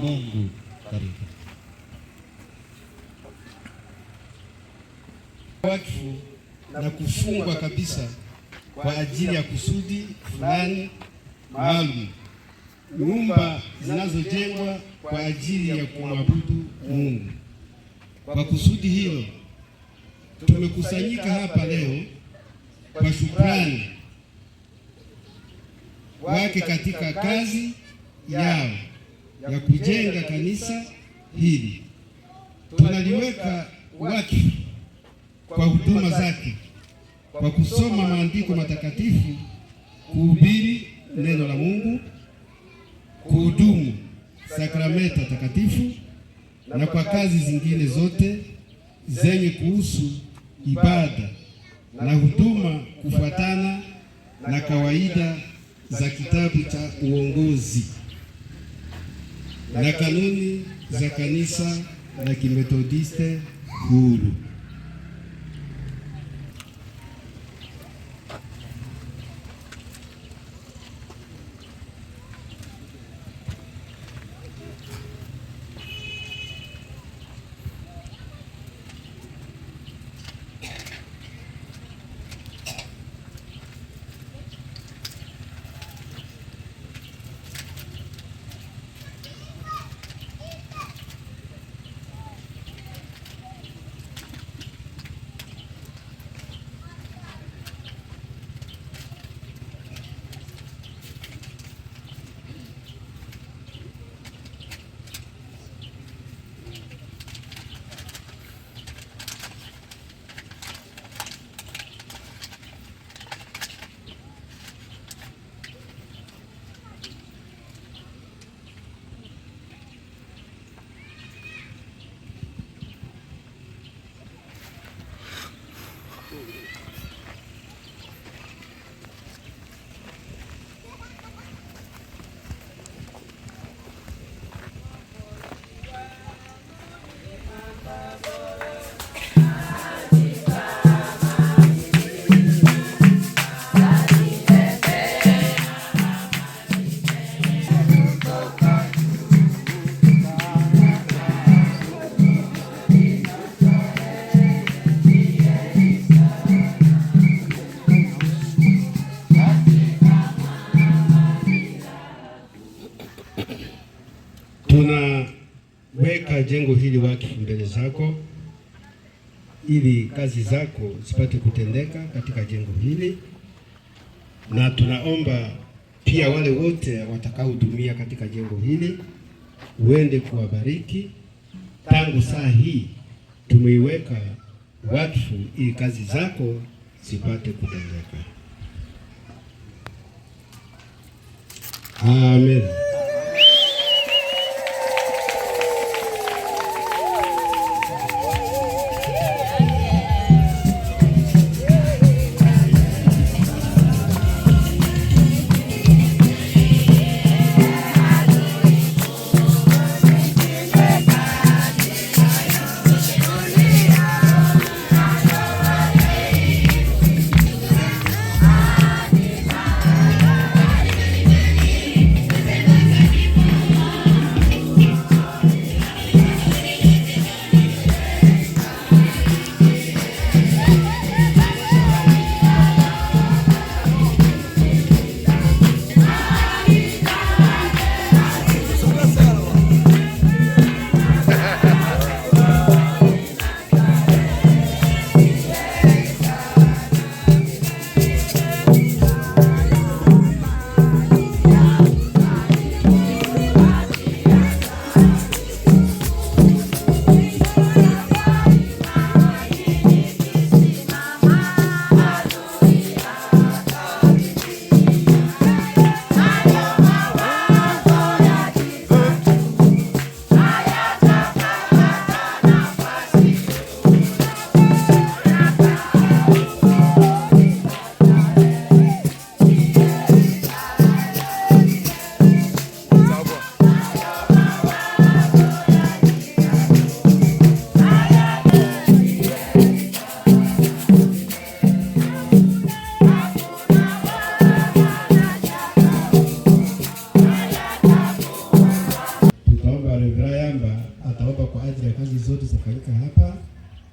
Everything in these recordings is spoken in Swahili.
Mungu karibu watu na kufungwa kabisa kwa ajili ya kusudi fulani maalum, nyumba zinazojengwa kwa ajili ya kumwabudu Mungu. Kwa kusudi hilo tumekusanyika hapa leo kwa shukrani wake katika kazi yao ya kujenga kanisa hili, tunaliweka wakfu kwa huduma zake, kwa kusoma maandiko matakatifu, kuhubiri neno la Mungu, kuhudumu sakramenta takatifu na kwa kazi zingine zote zenye kuhusu ibada na huduma kufuatana na kawaida za kitabu cha uongozi na kanuni za kanisa la Kimethodiste huru. tunaweka jengo hili wakfu mbele zako ili kazi zako zipate kutendeka katika jengo hili, na tunaomba pia wale wote watakaohudumia katika jengo hili uende kuwabariki. Tangu saa hii tumeiweka wakfu ili kazi zako zipate kutendeka. Amen.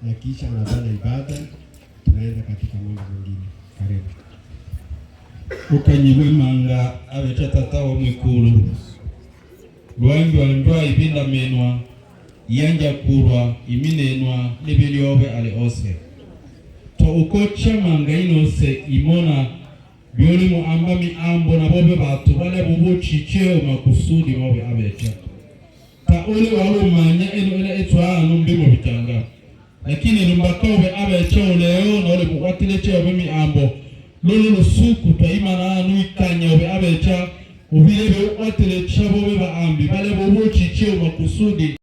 na kisha unafanya ibada, tunaenda katika mambo mengine. Karibu ukanyi manga awecha tata wa mwikulu lwangi wandwa menwa yanja kurwa iminenwa nibiliove ale ose to ukocha manga inose imona byolimu amba miambo na bobe batu bale bubu chicheo makusudi mawe abecha ta uli wawe manya eno ela etwa anu lakini lumbakobe aba echeo leo naole bukwatile echeo bemiambo lolo lusuku twaimana nuikanya ove aba echa ubile beukwatile chabo be vale bale cheo makusudi